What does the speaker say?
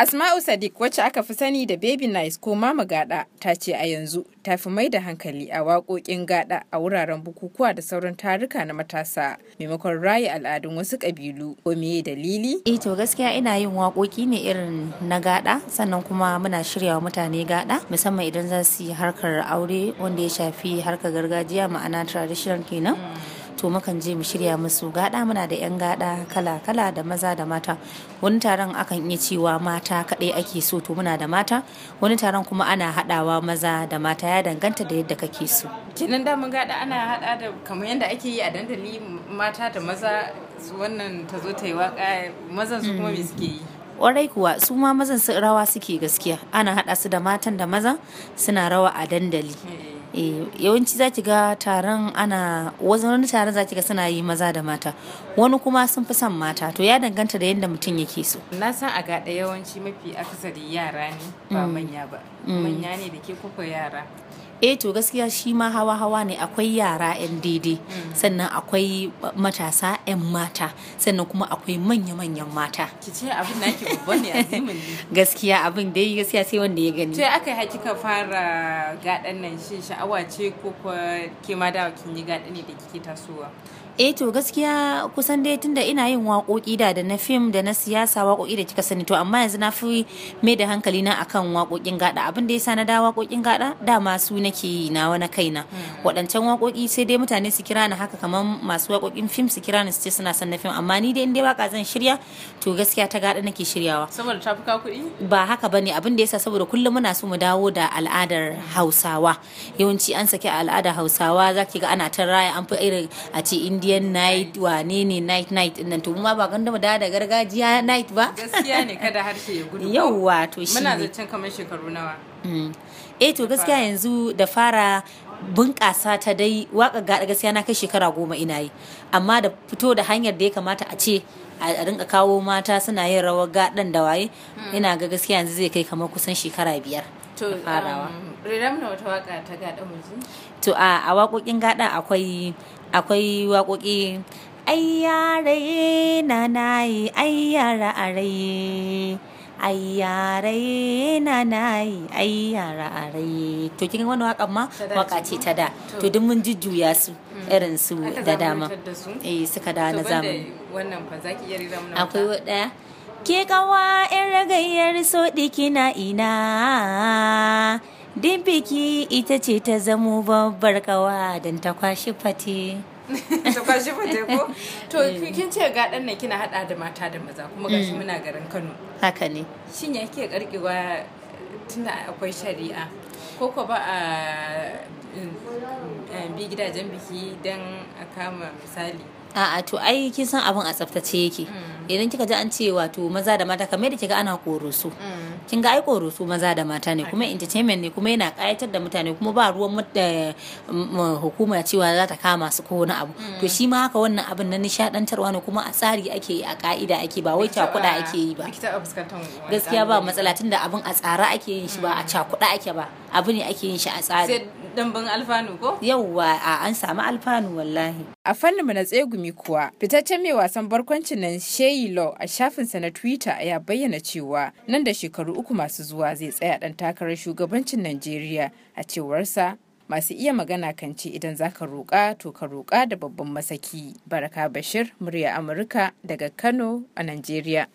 Asma'u Sadiq wacce aka fi sani da Baby Nice ko Mama Gada ta ce a yanzu ta fi mai da hankali a waƙoƙin gada a wuraren bukukuwa da sauran taruka na matasa maimakon rayu al'adun wasu ƙabilu ko meye dalili? Eh to gaskiya ina yin waƙoƙi ne irin na gada sannan kuma muna shirya wa mutane gada musamman idan za su yi harkar aure wanda ya shafi harkar gargajiya ma'ana traditional kenan. Mm. to mukan je mu shirya musu gada muna da 'yan gada kala-kala da maza da mata wani taron akan iya cewa mata kaɗai ake so to muna da mata wani taron kuma ana haɗawa maza da mata ya danganta da yadda kake so kenan da mun gada ana haɗa da kamar yadda ake yi a dandali mata da maza wannan ta zo ta yi waka maza su kuma me suke yi kwarai mm. kuwa su ma mazan su rawa suke gaskiya ana hada su da matan da mazan suna rawa a dandali eh. Eh, yawanci za ki ga taron ana wani taron za ki ga suna yi maza da mata wani kuma sun fi son mata to ya danganta da yadda mutum yake so na san a gaɗa yawanci mafi akasari yara ne ba mm. manya ba mm. manya ne da ke kuka yara eh to gaskiya shi ma hawa hawa ne akwai yara 'yan daidai sannan akwai matasa 'yan mata sannan kuma akwai manya manyan mata ki ce abin na ki babba ne gaskiya abin dai gaskiya sai wanda ya gani ce aka haki ka fara gadan nan shin sha'awa ce ko ke ma da kin yi gadan ne da kike tasowa e to gaskiya kusan dai tunda ina yin waƙoƙi da da na fim da na siyasa waƙoƙi da kika sani to amma yanzu na fi mai da hankali na akan waƙoƙin gada abin da yasa na da waƙoƙin gada dama su nake yi na wani kaina hmm. waɗancan waƙoƙi sai dai mutane su kira ni haka kamar masu waƙoƙin fim su kira ni su ce suna son na fim amma ni dai in dai waka zan shirya to gaskiya ta gada nake shiryawa saboda ta fi kuɗi ba haka bane abin da yasa saboda kullum muna so mu dawo da al'adar Hausawa yawanci an saki al'adar Hausawa zaki ga ana ta raya an fi irin a ce indiya indian night wane ne night night din nan to ma ba ganda da da gargajiya night ba gaskiya ne kada harshe ya gudu wa to shi muna zancen kamar shekaru nawa mm. eh to gaskiya yanzu da fara bunƙasa ta dai waka ga gaskiya na kai shekara goma ina yi amma da fito da hanyar da ya kamata a ce a rinka kawo mata suna yin rawar gaɗan da waye mm. ina ga gaskiya yanzu zai kai kamar kusan shekara biyar to farawa. Um, Riram wata waka ta gaɗa mu To a waƙoƙin gaɗa akwai akwai waƙoƙi ai yare na nayi ai yara arai ai yare na nayi ai yara arai to kin wani waka ma waka ce ta da to duk mun jujjuya su mm. irin su da dama eh suka da na zamani wannan fa zaki iya rira mun akwai daya ke kawa in ragayyar so kina ina duk ita ce ta zamo babbar kawa don ta kwashi fate ta kwashi fate ko to eh. kin ce ga dan nan kina hada da mata da maza kuma shi mm. muna garin Kano haka ne shin ya kike karkewa tunda akwai shari'a ko ko ba a eh, Eh, bi gidajen biki don a kama misali a'a to ai kin san abin a tsaftace yake mm. idan kika ji an ce wato maza da mata kamar da kika ana koroso mm. kin ga ai koroso maza da mata ne kuma entertainment ne kuma yana kayatar da mutane kuma ba ruwan mm, hukuma cewa za ta kama su ko wani abu to shi ma haka wannan abin na nishadantarwa ne kuma a tsari ake yi a ka'ida ake ba wai cakuda ake yi ba gaskiya ba matsala tunda abin a tsara ake yin shi ba a cakuda ake ba abu ne ake yin shi a tsari dambin alfanu ko yauwa a an samu alfanu wallahi a fannin mu na tsegumi kuwa fitaccen mai wasan barkwancin nan sheyi law a shafinsa na twitter ya bayyana cewa nan da shekaru uku masu zuwa zai tsaya dan takarar shugabancin najeriya a cewarsa masu iya magana kan ce idan za ka roƙa to ka roƙa da babban masaki baraka bashir murya amurka daga kano a najeriya